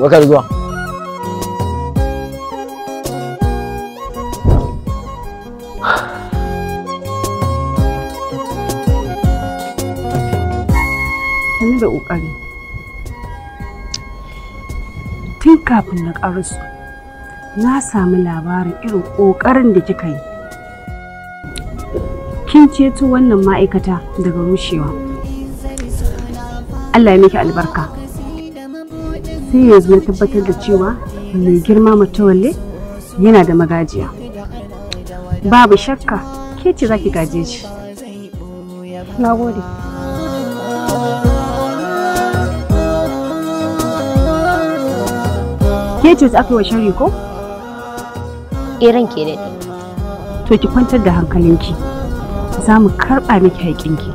wakar zuwa da tun kafin na ƙarasu na sami labarin irin kokarin da kika yi kin ceto wannan ma'aikata daga rushewa Allah ya miki albarka sai ya zo tabbatar da cewa mai girma wale yana da magajiya babu shakka ke ce za ki gaje shi na gode ke ce ki wa shari ko? irin eh, ke daɗi to ki kwantar da hankalinki za mu karɓa miki haƙinki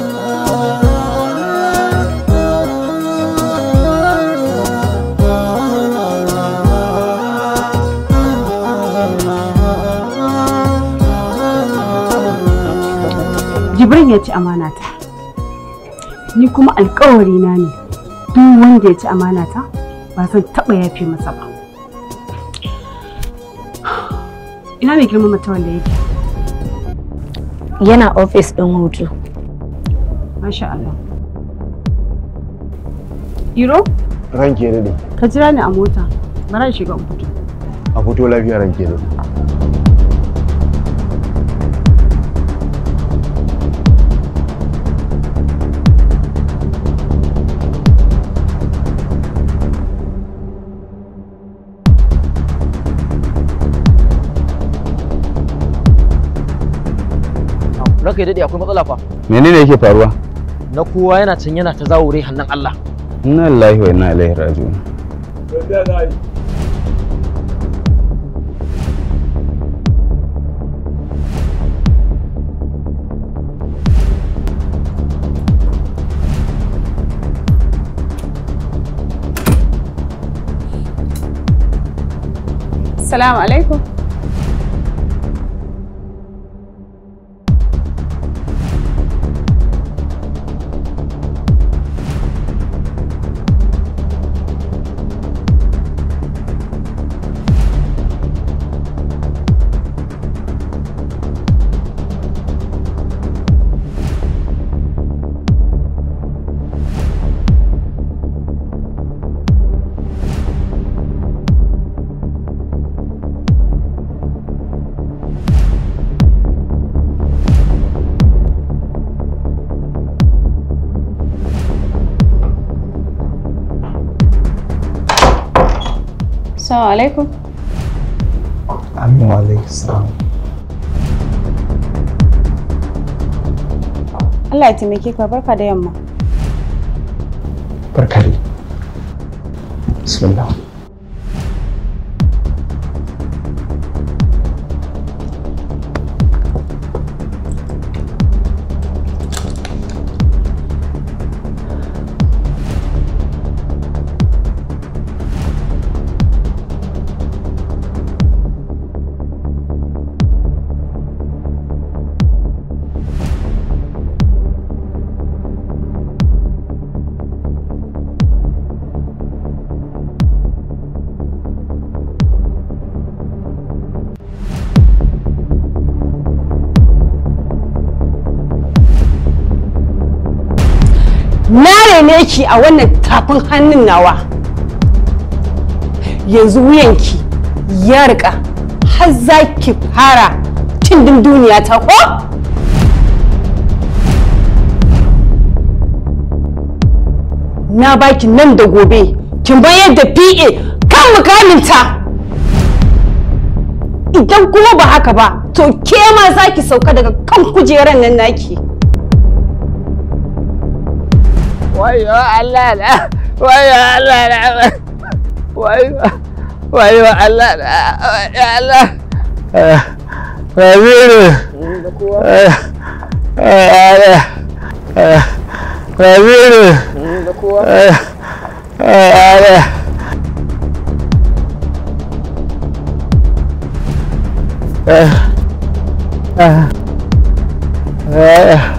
jibrin ya ci amanata ni kuma alkawari na ne duk wanda ya ci amanata ba zan taɓa yafe masa ba ina mai girma mata wanda yake yana ofis ɗin hutu masha Allah iro ranke ne ka jira ni a mota bara shiga hutu a fito lafiya ranke ne ranka ya dade akwai matsala fa menene yake faruwa na kowa yana can yana ta zawure hannun Allah inna lillahi wa inna ilaihi raji'un Assalamu alaikum. Assalamu alaikum. Amin wa alaikum Allah ya taimake ka barka da yamma. Barka dai. ki a wannan tafin hannun nawa yanzu wuyanki ya rika har za ki fara cin duniya ta ko? na baki nan da gobe kin bayar da PA kan mukaminta idan kuma ba haka ba to ke ma za ki sauka daga kan kujeran nan naki. وايوه علالة وايوه علالة وايوه وايوه علالة وايوه علالة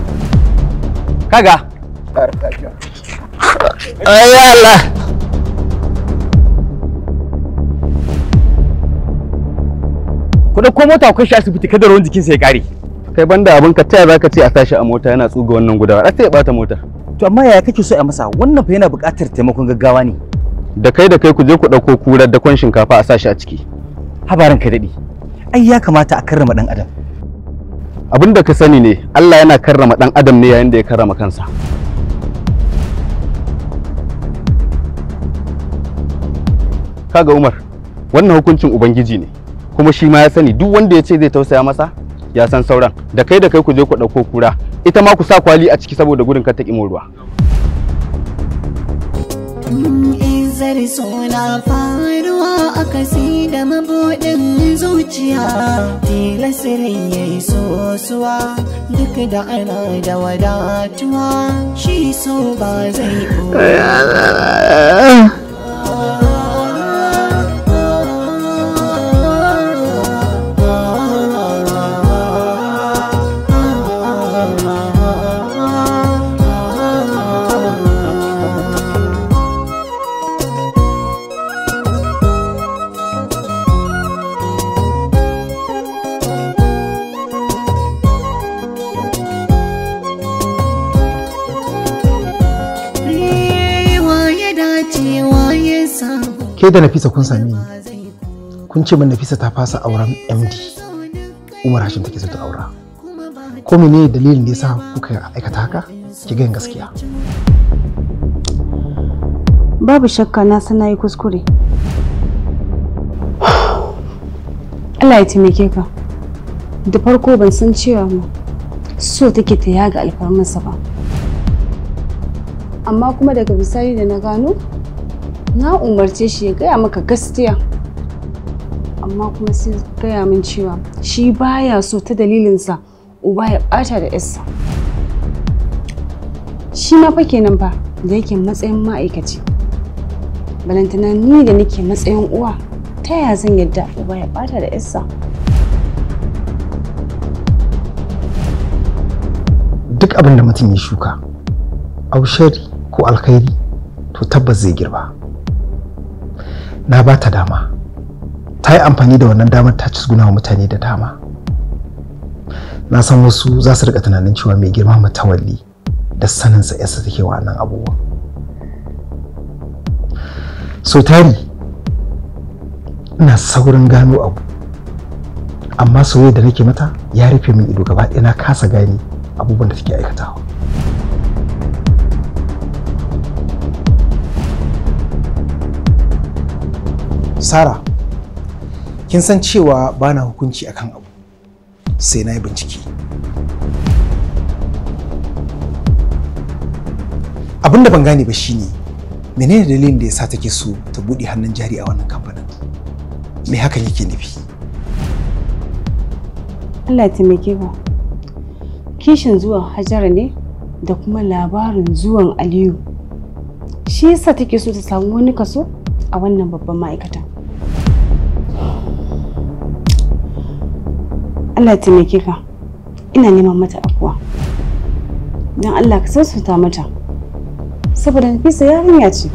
kaga Allah ku ɗauko mota ku shi asibiti kada ruwan jikinsa ya ƙare kai banda abin ka taya zaka ce a tashi a mota yana tsuga wannan gudawa a ta ya bata mota to amma yaya kake so a masa wannan fa yana buƙatar taimakon gaggawa ne da kai da kai ku je ku ɗauko kurar da kwan shinkafa a sashi a ciki habarin ka daɗi ai ya kamata a karrama ɗan adam abin da ka sani ne Allah yana karrama ɗan adam ne yayin da ya karrama kansa kaga umar wannan hukuncin ubangiji ne kuma shi ma ya sani duk wanda ya ce zai tausaya masa ya san sauran da kai da kai ku je ku ɗauko kura ita ma ku sa kwali a ciki saboda gudun kar ta ƙi ruwa. zar suna faruwa a kasi mabuɗin zuciya ya yi sosuwa duk da ana ke da nafisa kun sami ni kun ce min nafisa ta fasa auren md umar hashim take zata aura ko mene dalilin da yasa kuka aikata haka ki ga gaskiya babu shakka na sana yi kuskure Allah ya taimake ka da farko ban san cewa mu so take ta yaga masa ba amma kuma daga bisani da na gano na umarce shi ya gaya maka gaskiya amma kuma sai gaya min cewa shi baya so ta dalilinsa uba ya bata da yarsa shi ma fa kenan ba da yake matsayin ma'aikaci balantana ni da nake matsayin uwa ta yaya zan yadda uba ya bata da yarsa duk abin da mutum ya shuka aushari ko alkhairi to tabbas zai girba na ba ta dama ta yi amfani da wannan damar ta ci cizguna wa mutane da dama na san wasu za su rika tunanin cewa mai girma matawalli da sanin saninsa yasa take wannan abubuwan so tari ina saurin gano abu amma soyayya da nake mata ya rufe min ido gaba ɗaya na kasa gane abubuwan da take aikatawa Sara, kin san cewa ba na hukunci akan abu, sai na yi bincike. Abin da ban gane ba shine menene dalilin da ya sa take so ta buɗe hannun jari a wannan kamfanin? Me hakan yake nufi? Allah ya taimake ku. Kishin zuwan Hajara ne da kuma labarin zuwan Aliyu. Shi yasa take so ta samu wani kaso a wannan babban ma'aikatan. Allah taimake ka ina neman mata afuwa don Allah ka sassauta mata saboda Nafisa yarinya ce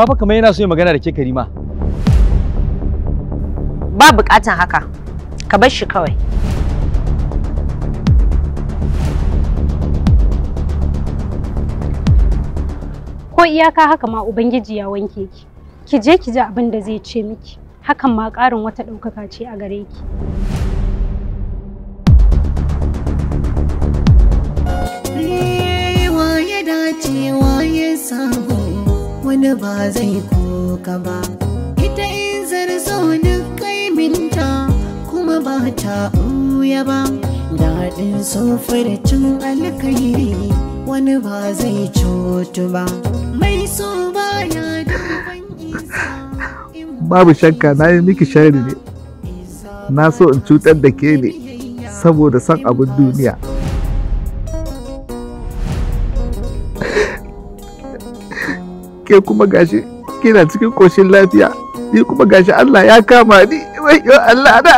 amma fa kamar yana so ya magana da ke Karima ba bukatan haka ka bar shi kawai ko iyaka haka ma ubangiji ya wanke ki ki je ki ji abin da zai ce miki hakan ma ƙarin wata ɗaukaka ce a gare ki eh, Waye dace waye sabo wani ba zai koka ba ita in zarzo ni kaiminta kuma ba ta ɓuya ba daɗin cin alkairi wani ba zai cutu ba mai so ba ya babu shakka na yi miki shari ne na so in cutar da ke ne saboda son abin duniya ke kuma gashi kina cikin koshin lafiya ni kuma gashi Allah ya kama ni Wai yo Allah na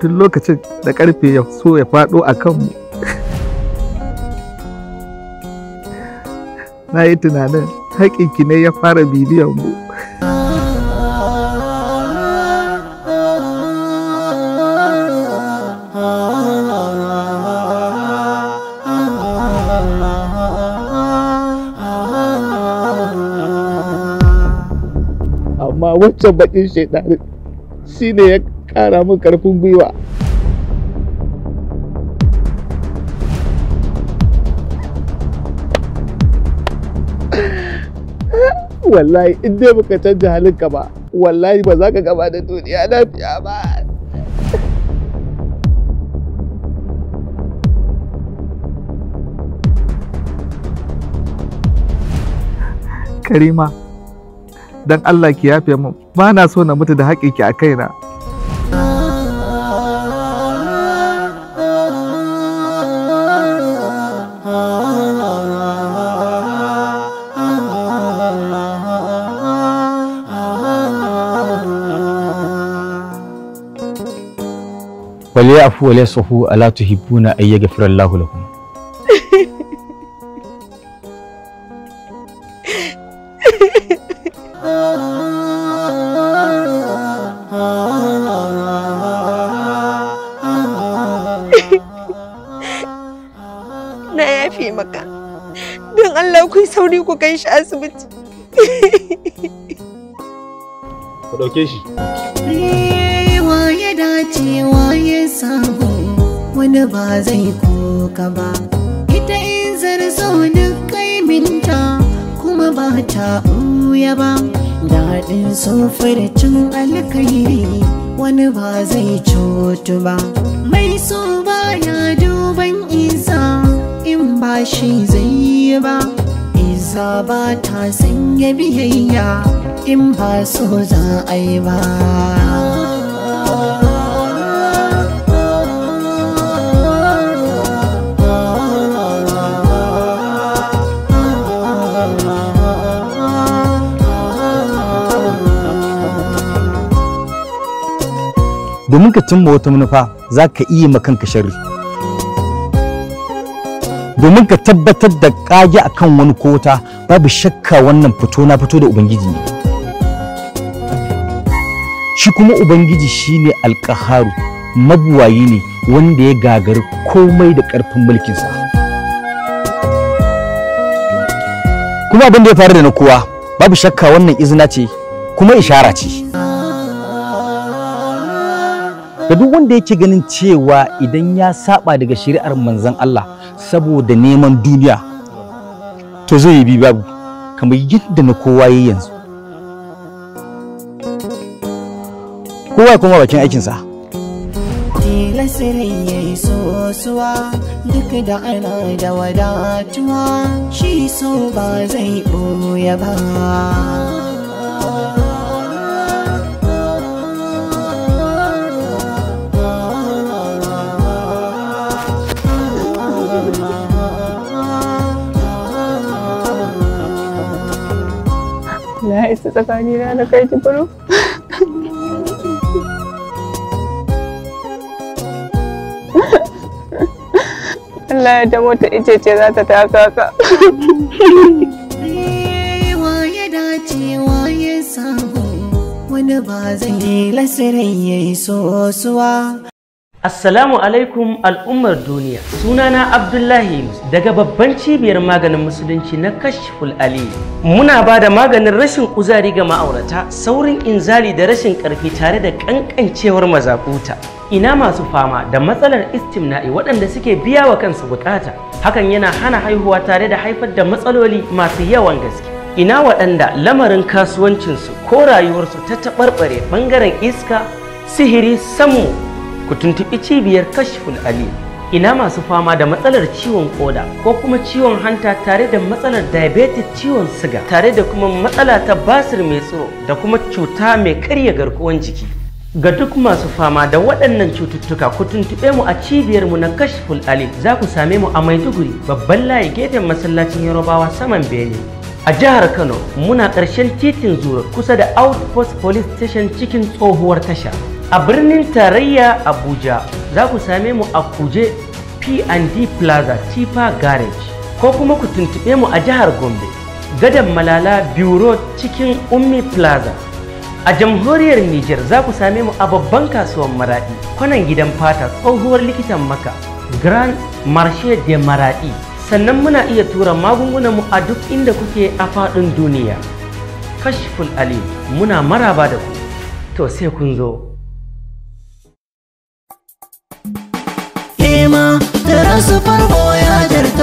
tun lokacin da karfe ya so ya faɗo a kanmu na yi tunanin haƙinki ne ya fara bibiyan mu wancan bakin shaidanin shi ne ya kara min karfin gwiwa wallahi in dai baka canja halinka ba wallahi ba za ka gaba da duniya lafiya ba Karima dan Allah ki yafe min ba na so na mutu da haƙiƙi ki a kaina waliyafu waliyasahu ala tuhibbuna ay yaghfira lakum ku kai shi asibiti ku ɗauke shi eh, waye dace waye sabo wani ba zai koka ba ita in zarzo kai minta kuma ba ta ɓuya ba daɗin cin alkairi wani ba zai cutu ba mai so baya duban isa in ba shi zai yi ba saba ta sanya biyayya in ba so za a yi ba domin ka cimma wata manufa za ka iya makanka sharri domin ka tabbatar da kage akan wani kota babu shakka wannan fito na fito da ubangiji ne shi kuma ubangiji shine alkaharu mabuwayi ne wanda ya gagari komai da ƙarfin mulkinsa kuma abin da ya faru da na kowa babu shakka wannan izina ce kuma ishara ce da duk wanda yake ganin cewa idan ya saba daga shari'ar manzon Allah saboda neman duniya to zai bi babu kamar yadda na kowa yi yanzu kowa kuma bakin aikinsa nasirin ya yi duk da ana da wadatuwa shi so ba zai ɓoye ba isa tsakanina na kai jiburu Allah ya damo ta ice ce za ta taka ka. Waye dace waye samu wani ba zai lasirai ya yi sosuwa. Assalamu alaikum al'ummar duniya. Sunana Abdullahi daga babban cibiyar maganin musulunci na Kashful Ali. Muna ba da maganin rashin kuzari ga ma'aurata, saurin inzali da rashin ƙarfi tare da ƙanƙancewar mazakuta. Ina masu fama da matsalar istimna'i waɗanda suke biya wa kansu bukata. Hakan yana hana haihuwa tare da haifar da matsaloli masu yawan gaske. Ina waɗanda lamarin kasuwancinsu ko rayuwarsu ta taɓarɓare ɓangaren iska, sihiri, samu ku tuntubi cibiyar kashful ali ina masu fama da matsalar ciwon koda ko kuma ciwon hanta tare da matsalar diabetes ciwon siga tare da kuma matsala ta basir mai tsoro da kuma cuta mai karya garkuwan jiki ga duk masu fama da waɗannan cututtuka ku tuntuɓe mu a cibiyar mu na kashful ali za ku same mu a maiduguri babban layi gefen masallacin yarobawa saman bene a jihar kano muna ƙarshen titin zura kusa da outpost police station cikin tsohuwar tasha a birnin tarayya abuja za ku same mu a kuje p&d plaza tifa garage ko kuma ku tuntube mu a jihar gombe gadon malala biro cikin ummi plaza a jamhuriyar niger za ku same mu a babban kasuwan maraɗi kwanan gidan fata tsohuwar likitan maka grand marche de maraɗi sannan muna iya tura mu a duk inda kuke a faɗin duniya kashful ali muna maraba da ku to sai kun zo Kasar su farko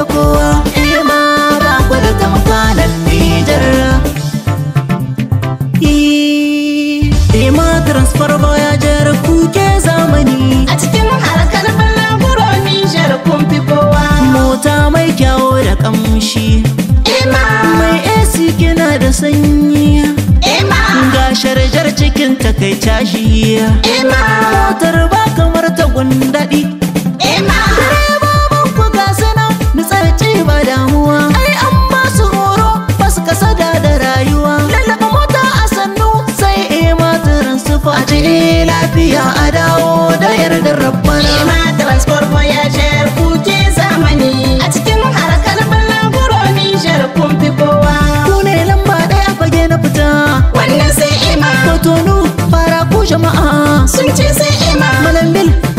kowa Ima ba ku da tamfanin Nijar Ima transfer ya jar kuke zamani A cikin harkar balaguro Nijar kun fi kowa Mota mai kyawo da kamshi Ima eh Mai AC kina da sanyi Ima eh Ga sharjar cikin takaita shi Ima eh Motar ba kamar ta gundaɗi. Ima shiga damuwa ai an horo ba su da rayuwa lalaba mota a sannu sai ema turan sufa a ce lafiya a dawo da yardar rabbana ema transport voyager kuke zamani a cikin harkar balaguro nijar kun fi kowa ku ne lamba ɗaya fage na fita wannan sai ema kotonu fara ku jama'a sun ce sai ema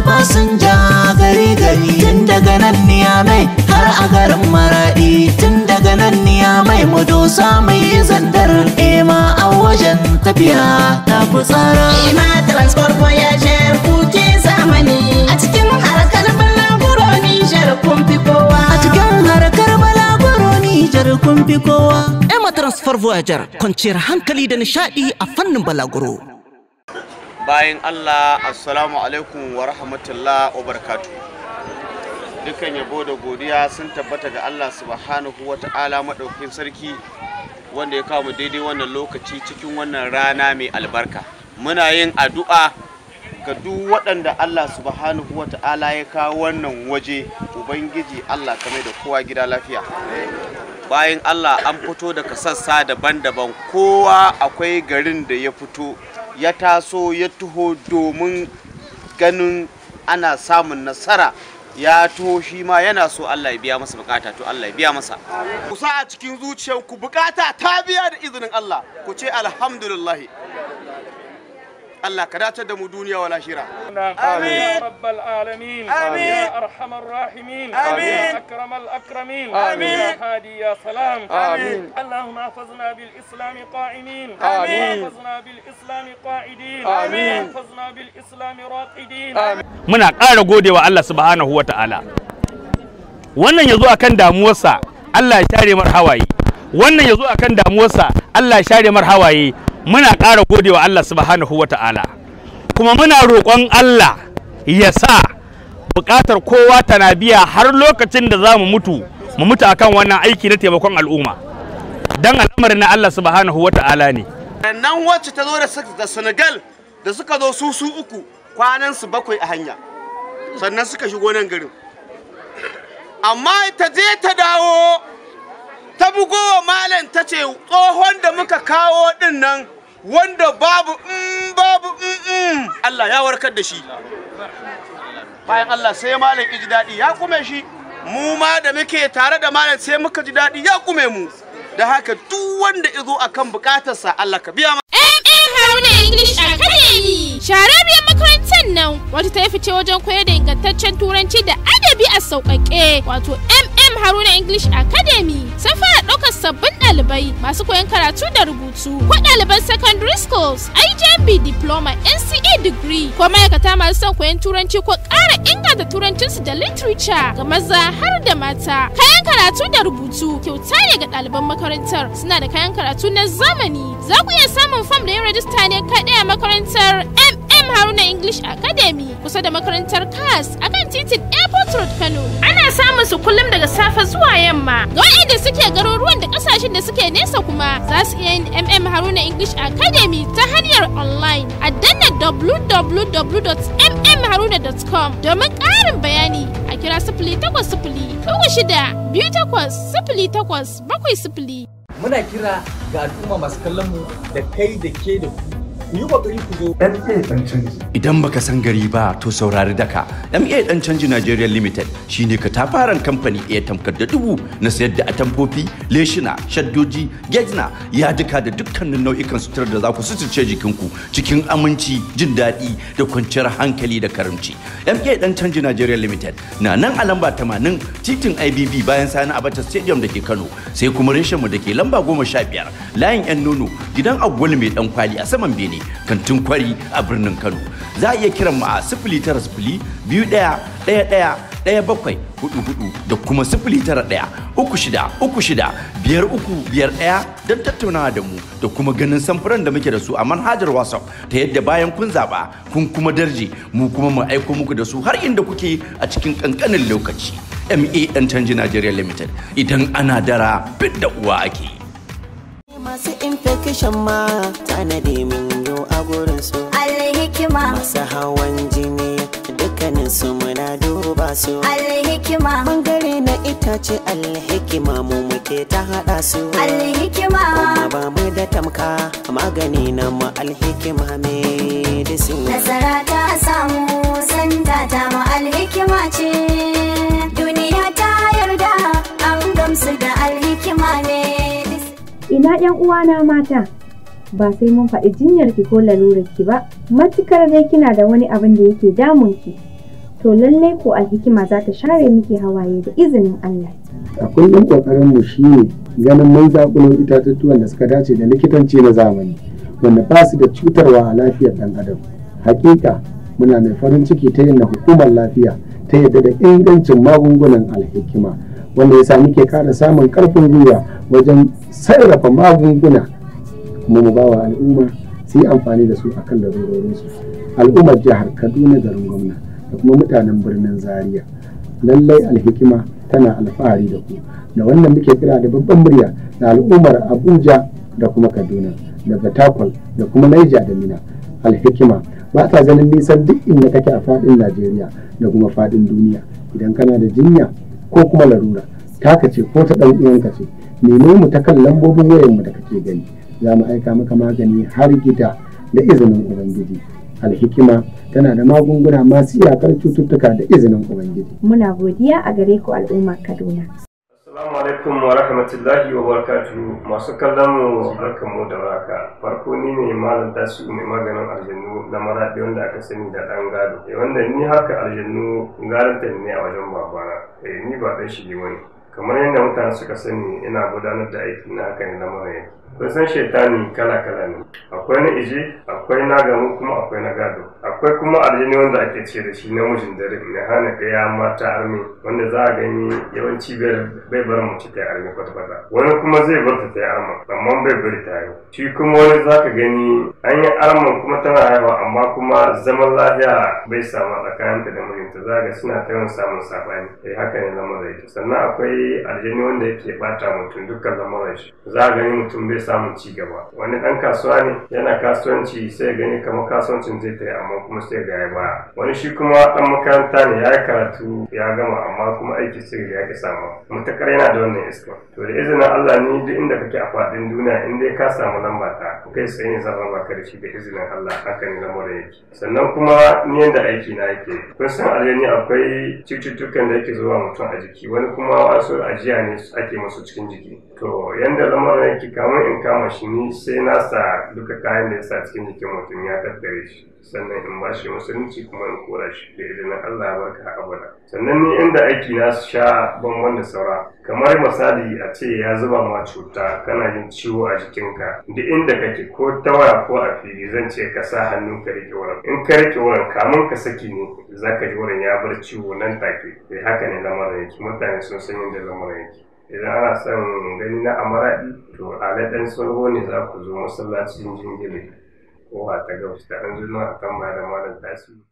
ta fasinja gari gari tun daga nan mai har a garin maraɗi tun daga nan niyamai mu dosa mai zandar ema a wajen tafiya ta fi tsara ema transport voyager kuke zamani a cikin harkar balaguro nijar kun fi kowa a cikin harkar balaguro nijar kun fi kowa ema transport voyager kwanciyar hankali da nishaɗi a fannin balaguro bayan Allah assalamu alaikum wa rahmatullah wa barakatu dukkan yabo da godiya sun tabbata ga Allah subhanahu wa ta'ala maɗaukin sarki wanda ya kawo mu daidai wannan lokaci cikin wannan rana mai albarka muna yin addu'a ga duk waɗanda Allah subhanahu wa ta'ala ya kawo wannan waje ubangiji Allah kamar da kowa gida lafiya bayan Allah an fito daga sassa daban-daban kowa akwai garin da ya fito ya taso ya tuho domin ganin ana samun nasara ya tuho shi ma yana so Allah ya biya masa bukata to Allah ya biya masa ku sa a cikin zuciyarku bukata ta biya da izinin Allah ku ce alhamdulillah Allah ka dace da mu duniya wa lahira amin rabbal alamin amin ya arhamar rahimin amin ya akramal akramin amin ya hadi ya salam amin allahumma Amin! bil islam qa'imin amin Amin! bil islam qa'idin amin Amin! bil islam raqidin muna ƙara godewa Allah subhanahu wa ta'ala wannan yazo akan damuwarsa Allah ya share mar hawaye wannan yazo akan damuwarsa Allah ya share mar hawaye muna ƙara gode wa Allah subhanahu wa ta'ala kuma muna roƙon Allah ya sa buƙatar kowa tana biya har lokacin da za mu mutu mu mutu akan wannan aiki na taimakon al'umma dan al'amarin na Allah subhanahu wa ta'ala ne nan wacce ta zo da Senegal da suka zo su su uku kwanan su bakwai a hanya sannan suka shigo nan garin amma ta je ta dawo ta bugowa malam ta ce tsohon da muka kawo din nan wanda babu mm, babu mm, mm. Allah ya warkar da shi bayan Allah sai malam ji daɗi ya kume shi mu ma da muke tare da malam sai muka ji daɗi ya kume mu da haka duk wanda izo akan bukatarsa Allah ka biya ma. English Academy. biyan makarantar nan wata ta yi fice wajen koyar da ingantaccen turanci da adabi a sauƙaƙe wato mm haruna english academy sun fara ɗaukar sabbin ɗalibai masu koyon karatu da rubutu ko ɗaliban secondary schools ijb diploma nca e degree ko ma'aikata masu son koyon turanci ko ƙara inganta turancinsu da literature ga maza har da mata kayan karatu da rubutu kyauta ne ga ɗaliban makarantar suna da kayan karatu na zamani za ku iya samun fam da yin rajista ne kaɗai a makarantar mm M Haruna English Academy kusa da makarantar CAS a kan titin Airport Road Kano. Ana samun su kullum daga safe zuwa yamma. Ga waɗanda suke garuruwan da kasashen da suke nesa kuma za su iya yin MM Haruna English Academy ta hanyar online a danna www.mmharuna.com domin ƙarin bayani a kira sifili takwas sifili uku shida biyu takwas sifili takwas bakwai sifili. Muna kira ga al'umma masu kallon mu da kai da ke da ku yi kokari ku zo idan baka san gari ba to saurari daka MA dan canji Nigeria Limited shi shine katafaren kamfani iya tamkar da dubu na sayar da atamfofi leshina shaddoji gejna ya duka da dukkanin nau'ikan sutura da za ku suturce jikinku cikin aminci jin daɗi da kwanciyar hankali da karamci MA dan canji Nigeria Limited na nan a lamba tamanin titin IBB bayan sani a Abacha Stadium da ke Kano sai kuma reshen mu da ke lamba sha biyar layin yan nono gidan agwal mai dan kwali a saman Bene kantin kwari a birnin kano za a iya kiran mu a sifili tara sifili biyu ɗaya ɗaya ɗaya ɗaya bakwai hudu hudu da kuma sifili tara ɗaya uku shida uku shida biyar uku biyar ɗaya don tattaunawa da mu da kuma ganin samfuran da muke da su a manhajar whatsapp ta yadda bayan kun zaɓa kun kuma darje mu kuma mu aiko muku da su har inda kuke a cikin ƙanƙanin lokaci MAN Canji Nigeria Limited idan ana dara bid da uwa ake. Masu infection ma min burinsu alhikima masu hawan jini dukkaninsu muna duba su alhikima bangare na itace alhikima mu muke ta hada su alhikima kuma ba mu da tamka magani na mu alhikima su nasara ta samu santa ta mu alhikima ce duniya ta yarda an gamsu da alhikima ne ina yan uwana mata ba sai mun faɗi jinyar ki ko lalurar ki ba matukar dai kina da wani abin da yake damun ki to lallai ko alhikima za ta share miki hawaye da izinin Allah akwai ɗan kokarin mu shine ganin mun zakulo itatuttuwan da suka dace da likitanci na zamani wanda ba su da cutarwa a lafiyar dan adam hakika muna mai farin ciki ta yin hukumar lafiya ta yadda da ingancin magungunan alhikima wanda ya sa muke kara samun ƙarfin gwiwa wajen sarrafa magunguna kuma mu bawa al'umma su yi amfani da su a kan larurorinsu al'ummar jihar kaduna garin gwamna da kuma mutanen birnin zaria lallai alhikima tana alfahari da ku da wannan muke kira da babban murya da al'ummar abuja da kuma kaduna da batakwal da kuma naija da mina alhikima ba ta ganin nisan duk inda kake a fadin najeriya da kuma fadin duniya idan kana da jinya ko kuma larura taka ce ko ta dan uwanka ce nemi mu ta kan lambobin wayanmu da kake gani za mu aika maka magani har gida da izinin ubangiji alhikima tana da magunguna masu iyakar cututtuka da izinin ubangiji muna godiya a gare ku al'umma kaduna Assalamu alaikum wa rahmatullahi wa barakatuhu masu kallon mu barkamu da waraka farko ni ne malam tasu mai maganin aljannu na maradi wanda aka sani da ɗan gado eh, wanda ni haka aljannu garanta ne a wajen babana eh, ni ba ɗan shige wani kamar yadda mutane suka sani ina gudanar da aiki na hakan na mara kusan shaitani kala kala ne akwai na ije akwai na gamu kuma akwai na gado akwai kuma aljini wanda ake ce da shi mujin dare ne hana ɗaya mata armi wanda za a gani yawanci bai bar mace ta armi kwata kwata wani kuma zai bar ta ta arma amma bai bari ta yi shi kuma wani za ka gani an yi arman kuma tana yawa amma kuma zaman lafiya bai samu tsakaninta da mijinta za ga suna ta yawan samun sabani sai eh, haka ne zama zai sannan akwai aljini wanda yake bata mutum dukkan zama zai za a gani mutum bai samun ci gaba wani ɗan kasuwa ne yana kasuwanci sai gani kamar kasuwancin zai ta yi, amma kuma sai ga ya baya wani shi kuma dan makaranta ne ya yi karatu ya gama amma kuma aiki sai ya ki samu mutakar yana da wannan iska to da izinin Allah ni duk inda kake a faɗin duniya in dai ka samu lamba ta kai sai ne zaba baka da shi da izinin Allah haka ne lamarin yake sannan kuma ni yanda aiki na yake kun san aljani akwai cututtukan da yake zuwa mutum a jiki wani kuma wasu ajiya ne ake masu cikin jiki to yanda lamarin yake kamar in kama shi ni sai na sa duka kayan da ya sa cikin jikin mutum ya tattare shi sannan in ba shi musulunci kuma in kora shi da idan Allah barka abada sannan ni inda aiki na sha bangon da saura kamar misali a ce ya zuba ma cuta kana yin ciwo a jikinka duk inda kake ko ta waya ko a fili zan ce ka sa hannun ka rike wurin in ka rike wurin kamun ka saki ne zaka ji wurin ya bar ciwo nan take eh, haka ne lamarin yake mutane sun san yadda lamarin yake idan ana son gani na amaraɗi to a ladan sulhu ne za ku zo masallacin jingiri ko a ta gabas da an zuwa a kan malam malam tasiri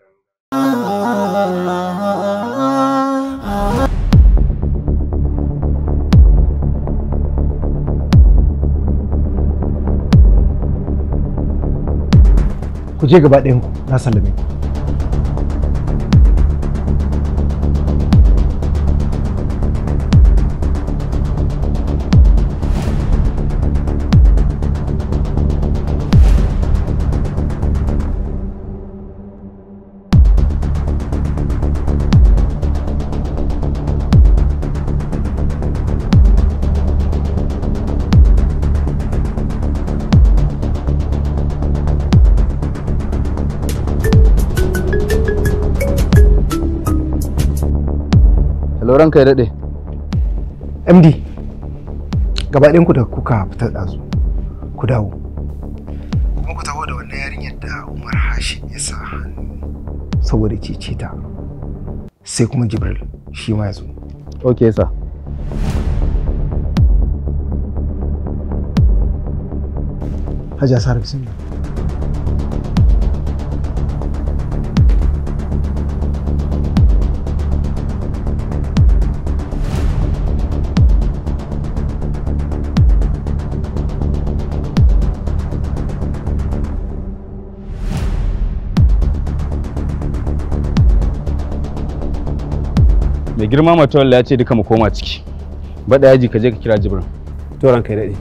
ku je gaba ɗayan ku na sallame ku lauran kai daɗe md gabaɗin ku da kuka fita ɗazu ku dawo kuma ku taho da wannan yarinyar da umar hashi ya sa hannu saboda cece ta sai kuma jibril shi ma ya zo ok sa Hajar Asar Bismillah. girma matawalla ya ce duka mu koma ciki baɗa yaji ka je ka kira jibrin to ranka daɗe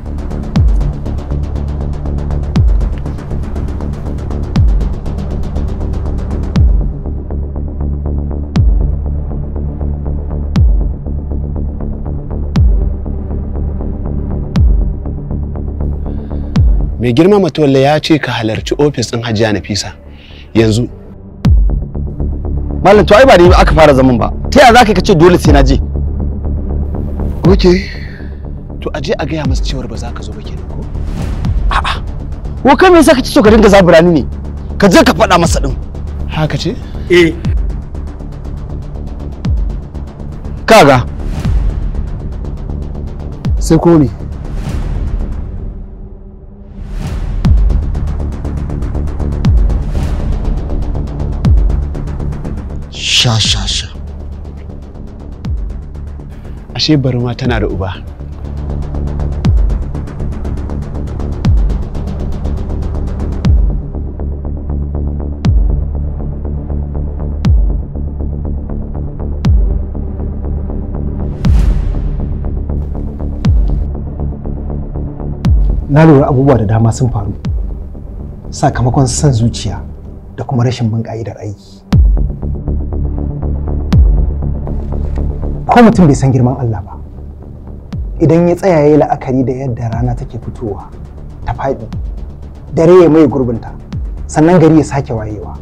mai girma matuwalla ya ce ka halarci ofis ɗin hajiya nafisa yanzu malam to ai ba da aka fara zaman ba ta yaya zaka kace dole sai na je to aje a gaya masa cewar ba za ka zo ba kenan ko a'a ko kai me yasa kace so ka dinga zaburani ne ka je ka faɗa masa din haka ce eh kaga sai ko ne sha sha sha ashe ma tana da uba na lura abubuwa da dama sun faru sakamakon son zuciya da kuma rashin bin ka'idar aiki ko mutum bai san girman Allah ba idan ya tsaya ya yi la'akari da yadda rana take fitowa ta faɗi dare ya mai gurbinta sannan gari ya sake wayewa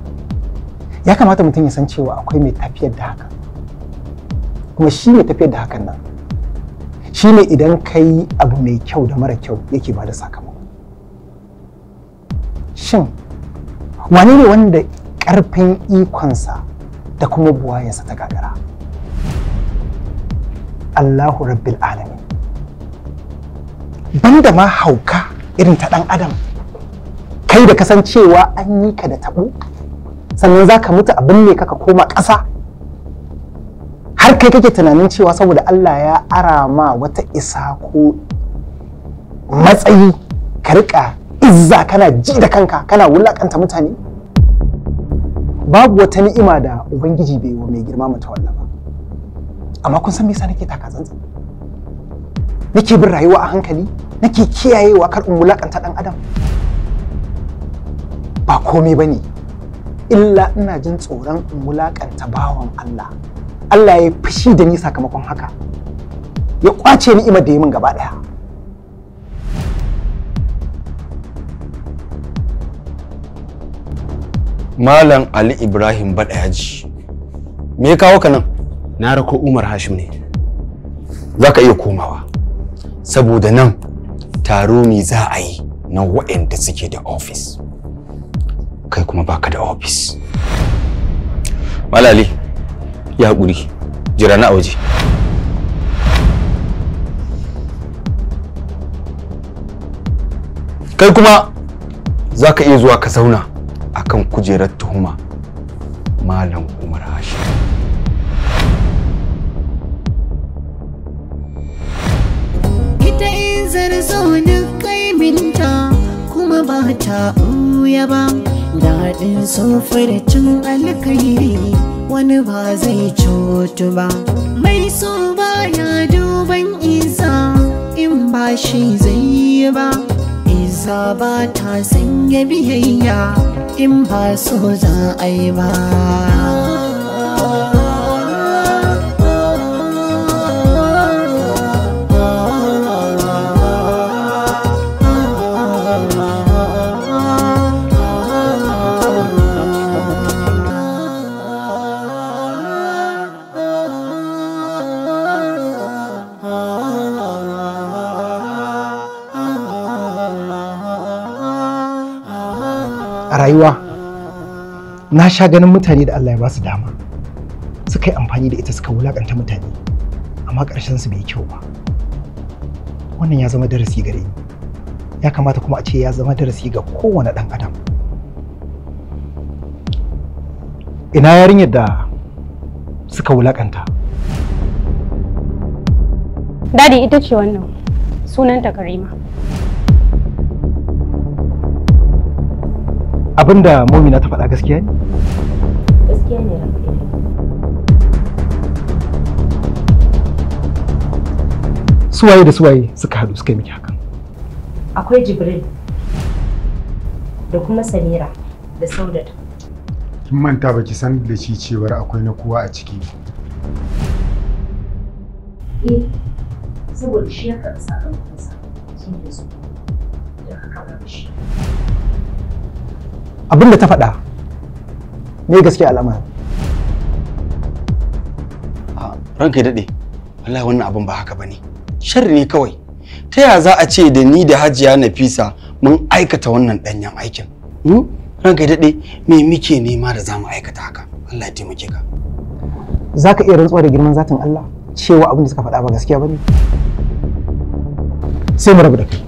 ya kamata mutum ya san cewa akwai mai tafiyar da haka kuma shi mai tafiyar da hakan nan shi ne idan ka abu mai kyau da mara kyau yake ba da sakamako shin wane ne wanda ƙarfin ikonsa da kuma buwayensa ta gagara Allahu rabbil alamin banda ma hauka irin ta dan adam kai da kasancewa an yi ka da tabo sannan za ka mutu abin ne ka koma ƙasa har kai kake tunanin cewa saboda Allah ya arama wata isa ko matsayi ka riƙa izza kana ji da kanka kana wulaƙanta mutane babu wata ni'ima da ubangiji bai wa mai girma mata wannan ba amma kun san me yasa nake taka tsantsan nake bin rayuwa a hankali nake kiyayewa kar in wulakanta dan adam ba komai ba ne illa ina jin tsoron in wulakanta bawan Allah Allah ya fushi da ni sakamakon haka ya kwace ni'imar da ya min gaba daya Malam Ali Ibrahim Badayaji me ya kawo ka nan na rako umar hashim ne za ka iya komawa saboda nan taro ne za a yi na waɗanda suke da ofis kai kuma baka da ofis malali ya haƙuri jira na waje kai kuma za ka iya zuwa ka zauna akan kujerar tuhuma malam umar hashim ta inzar zarzo na kai minta kuma ba ta ɓuya ba daɗin cin alkairi wani ba zai cutu ba mai so ba ya duban isa in ba shi zai yi ba isa ba ta sanya biyayya in ba so za a yi ba na sha ganin mutane da Allah ya ba su dama suka yi amfani da ita suka wulakanta mutane amma ƙarshen su bai kyau ba wannan ya zama darasi gare ni ya kamata kuma a ce ya zama darasi ga kowane ɗan adam ina yarinyar da suka wulakanta dadi ita ce wannan sunanta karima abinda momina ta faɗa gaskiya ne gaskiya ne rafi suwaye da suka haɗu suka yi miki hakan akwai jibril da kuma samira da saudat kin manta baki san da shi cewar akwai na kowa a ciki eh, ta faɗa ne gaskiya al'amari ranka daɗe wallahi wannan abin ba haka bane sharri ne kawai ta yaya za a ce da ni da hajiya nafisa mun aikata wannan ɗanyen aikin hmm? ranka daɗe me muke nema da za mu aikata haka allah ya taimake ka za ka iya rantsuwa da girman zatin allah cewa abin da suka faɗa ba gaskiya ba ne sai mu rabu da kai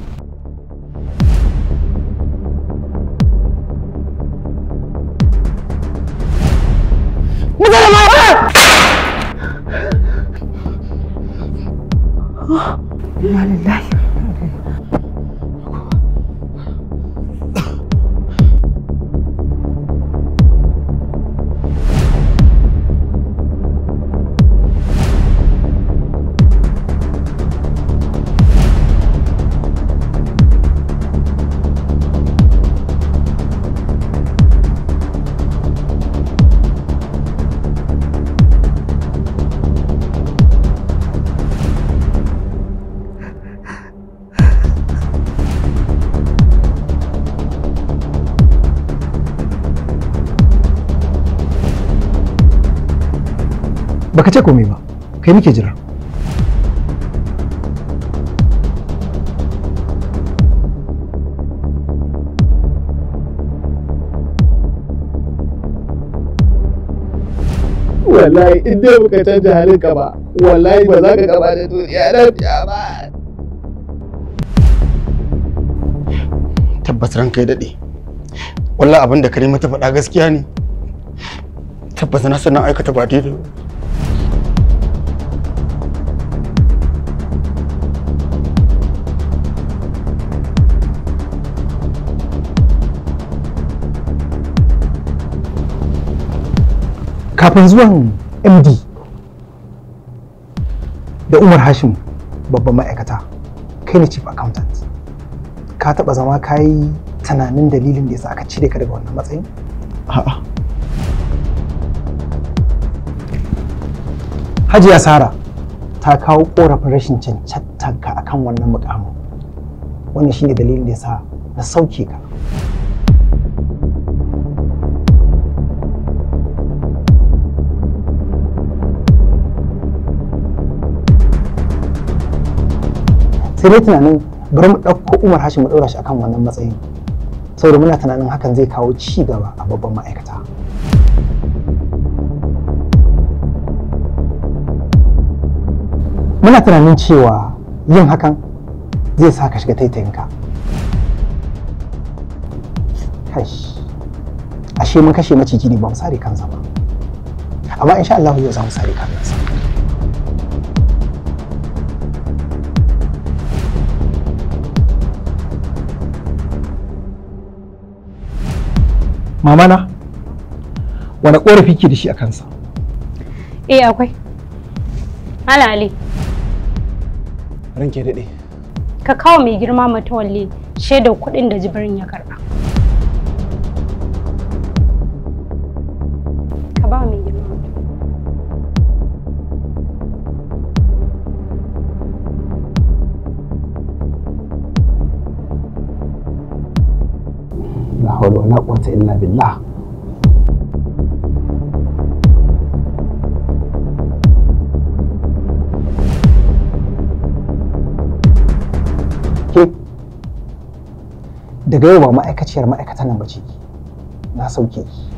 ce komai ba kai muke jira wallahi in dai canja halinka ba wallahi ba za ka gaba da duniya lafiya ba tabbas ranka ya daɗe wallahi abin da karima ta faɗa gaskiya ne tabbas na sanin aikata ba daidai kafin zuwan md da umar hashim babban ma'aikata kai ne chief accountant ka taba zama ka yi tunanin dalilin da yasa aka cire ka daga wannan matsayin a'a hajiya sara ta kawo korafin rashin cancantar ka akan wannan mukamin wannan shine dalilin da yasa na sauke ka sai dai tunanin bari mu ɗauko umar hashim mu ɗora shi akan wannan matsayin saboda muna tunanin hakan zai kawo ci gaba a babban ma'aikata muna tunanin cewa yin hakan zai sa ka shiga taitayinka kash ashe mun kashe maciji ne ba mu sare kansa ba amma insha Allah yau za mu sare kansa mamana wani korafi ke da shi a kansa eh akwai alali ranke daɗe ka kawo mai girma matawalle shaidar kuɗin da jibirin ya karɓa ka ba mai hawla wala quwwata illa billa ke daga yau ba ma'aikaciyar ma'aikatan nan ba ce na sauke ki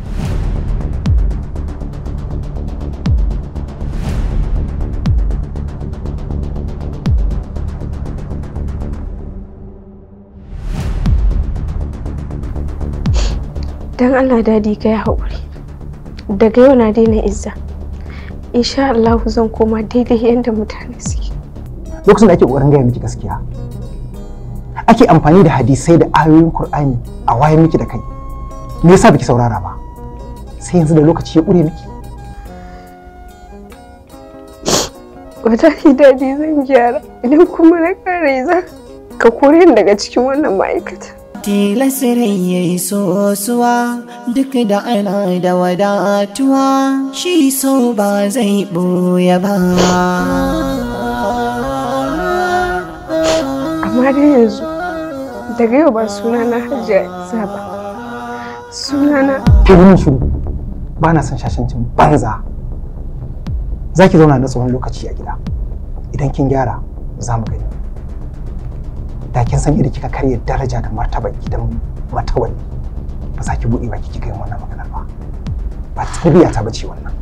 don allah dadi ka yi haƙuri daga yau na daina izza insha Allah zan koma daidai yadda mutane suke lokacin da ake ƙoƙarin gaya miki gaskiya ake amfani da hadisai da ayoyin Kur'ani a waye miki da kai me yasa biki saurara ba sai yanzu da lokaci ya ƙure miki wallahi dadi zan gyara idan kuma na kare za ka kore daga cikin wannan ma'aikata Tila ya yi sosuwa duk da ana da wadatuwa shi so ba zai ɓoye ba amma da yanzu daga yau ba suna na hajiya isa ba sunana ke gudun shuru ba na son shashancin banza za ki zauna na tsawon lokaci a gida idan kin gyara za mu gani da kin san idan kika karya daraja da martaba gidan ba za ki buɗe ba kika yi wannan magana ba ba tarbiya ta bace wannan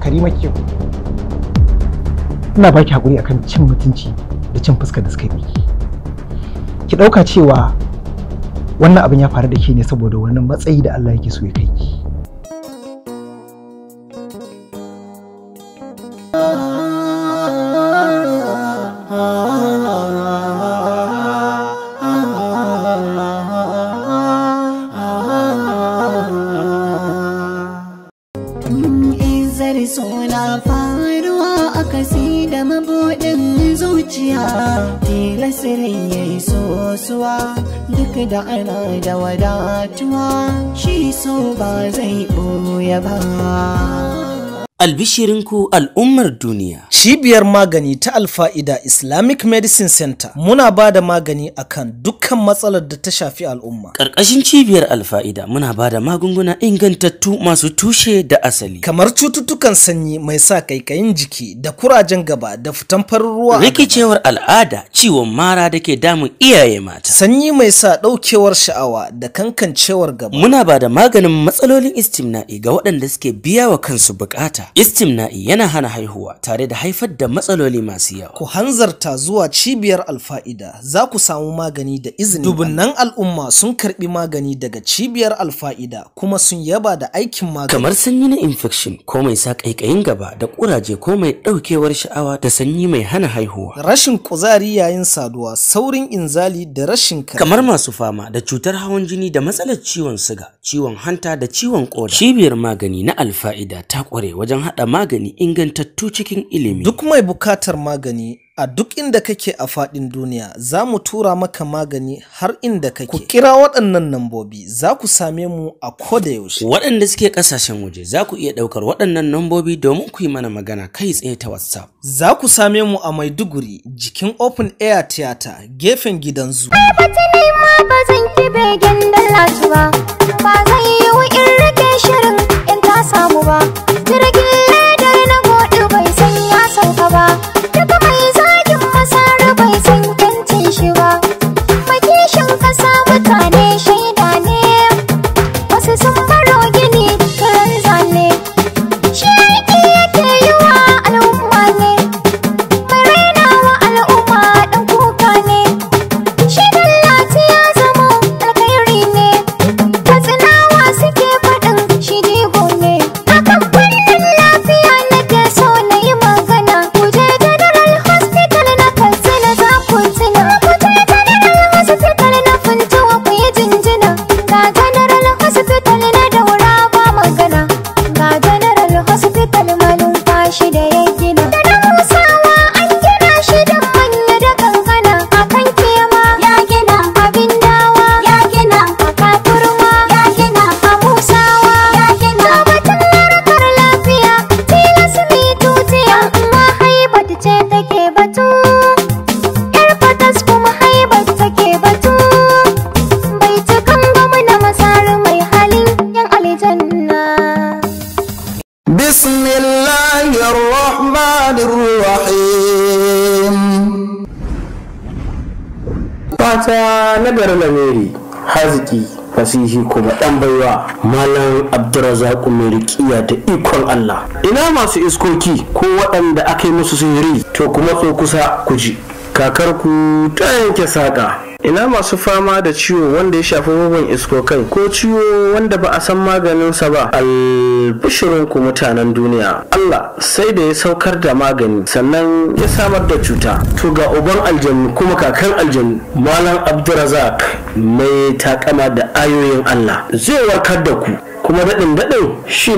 Karima kiyo ina baki hakuri akan cin mutunci da cin fuska da suka yi miki ki ɗauka cewa wannan abin ya faru da ke ne saboda wani matsayi da Allah yake so ya kai albishirinku al. duniya. Cibiyar magani ta Alfa'ida Islamic Medicine Center muna ba da magani akan dukkan matsalar da ta shafi al'umma. Ƙarƙashin cibiyar Alfa'ida muna ba da magunguna ingantattu masu tushe da asali. Kamar cututtukan sanyi mai sa kaikayin jiki da kurajen gaba da fitan farin ruwa. Rikicewar al'ada ciwon mara da ke damun iyaye mata. Sanyi mai sa ɗaukewar sha'awa da kankancewar gaba. Muna ba da maganin matsalolin istimna'i ga waɗanda suke biya wa kansu bukata. Istimna'i yana hana haihuwa. yawa tare da haifar da matsaloli masu yawa. Ku hanzarta zuwa cibiyar alfa'ida za ku samu magani da izini. Dubunnan al'umma sun karɓi magani daga cibiyar alfa'ida kuma sun yaba da aikin magani. Kamar sanyi na infection ko mai sa ƙaiƙayin gaba da ƙuraje ko mai ɗaukewar sha'awa da sanyi mai hana haihuwa. Rashin kuzari yayin saduwa, saurin inzali da rashin kare. Kamar masu fama da cutar hawan jini da matsalar ciwon suga, ciwon hanta da ciwon ƙoda. Cibiyar magani na alfa'ida ta ƙware wajen haɗa magani ingantattu cikin ilimi. Duk mai bukatar magani a duk inda kake a faɗin duniya za mu tura maka magani har inda kake. Ku kira waɗannan nambobi za ku same mu a koda yaushe. Waɗanda suke ƙasashen waje za ku iya ɗaukar waɗannan nambobi domin ku yi mana magana kai tsaye ta WhatsApp. Za ku same mu a Maiduguri jikin Open Air Theater gefen gidan zu. Ba ba zan begen ba. Ba shirin in ta samu ba. fasihi kuma dan baiwa malam abdurazak mai riƙiya da ikon allah ina masu iskoki ko waɗanda aka yi musu sihiri to kuma tso kusa ku ji kakarku ta yanke saƙa ina masu fama da ciwo wanda ya shafi bugun iskokai ko ciwo wanda ba a san maganinsa ba ku mutanen duniya Allah sai da ya saukar da magani sannan ya samar da cuta to ga uban aljannu kuma kakan aljannu malam abdurazak mai takama da ayoyin Allah zai warkar da ku kuma daɗin daɗin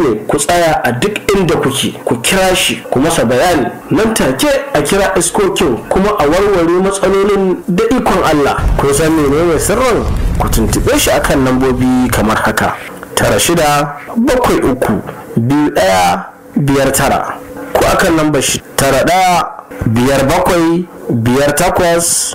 ne ku tsaya a duk inda kuke ku kira shi ku masa bayani nan take a kira iskokin kuma a warware matsalolin da ikon Allah ku san menene sirrin ku tuntube shi akan lambobi kamar haka tara shida bakwai uku biyu ɗaya biyar tara ko akan lambar shi tara ɗaya biyar bakwai biyar takwas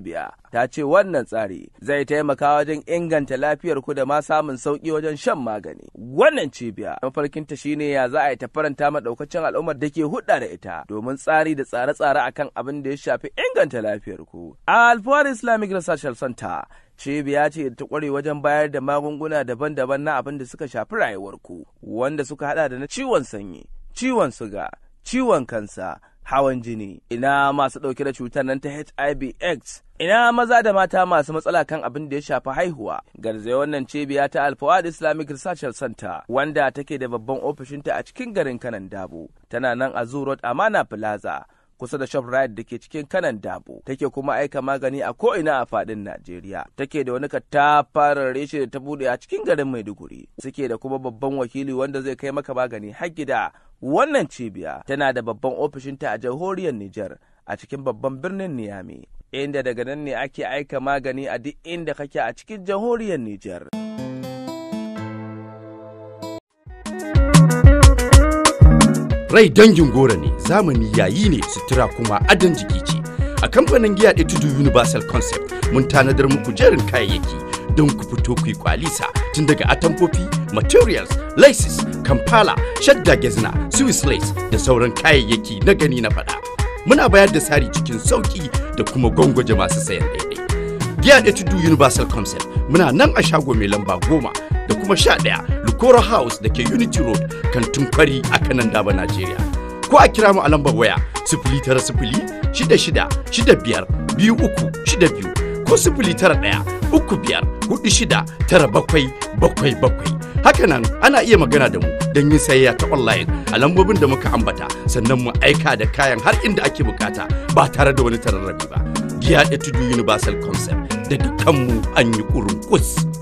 Libya. Ta ce wannan tsari zai taimaka wajen inganta lafiyar ku da ma samun sauki wajen shan magani. Wannan cibiya mafarkinta shine ya za a yi ta faranta ma daukacin al'ummar da ke hudda da ita domin tsari da tsare-tsare akan abin da ya shafi inganta lafiyar ku. Alfawar Islamic Research Center cibiya ce ta kware wajen bayar da magunguna daban-daban na abin da suka shafi rayuwar ku wanda suka hada da na ciwon sanyi ciwon suga ciwon kansa hawan jini ina masu ɗauke da cutar nan ta hiv x ina maza da mata masu matsala kan abin da ya shafi haihuwa garzai wannan cibiya ta alfawad islamic research center wanda take da babban ofishinta a cikin garin kanan dabo tana nan a zoo road amana plaza kusa da shoprite da ke cikin kanan dabo take kuma aika magani a ko ina a fadin najeriya take da wani katafarar reshe da ta bude a cikin garin maiduguri suke da kuma babban wakili wanda zai kai maka magani har gida Wannan cibiya tana da babban ofishinta a jamhuriyar Nijar a cikin babban birnin Niyami, inda daga nan ne ake aika magani a duk inda kake a cikin jamhuriyar Nijar. Rai dangin gora ne, zamani yayi ne, sutura kuma adon jiki ce. A kamfanin giya Tudu Universal Concept mun tanadar muku jerin kayayyaki don ku fito ku yi kwalisa tun daga atamfofi materials laces kampala shadda gezna swiss lace da sauran kayayyaki na gani na fada muna bayar da tsari cikin sauki da kuma gwangwaje masu sayan daidai giya da tudu universal concept muna nan a shago mai lamba goma da kuma sha ɗaya lukora house da ke unity road kan tunkwari a kanan daba nigeria ko a kira mu a lambar waya sifili tara sifili shida shida shida biyar biyu uku shida biyu ko sifili tara ɗaya uku biyar hudu shida tara bakwai bakwai bakwai hakanan ana iya magana da mu don yin sayayya ta online a lambobin da muka ambata sannan mu aika da kayan har inda ake bukata ba tare da wani tararrabi ba giya da tudu universal concept da dukkanmu an yi kurun kus.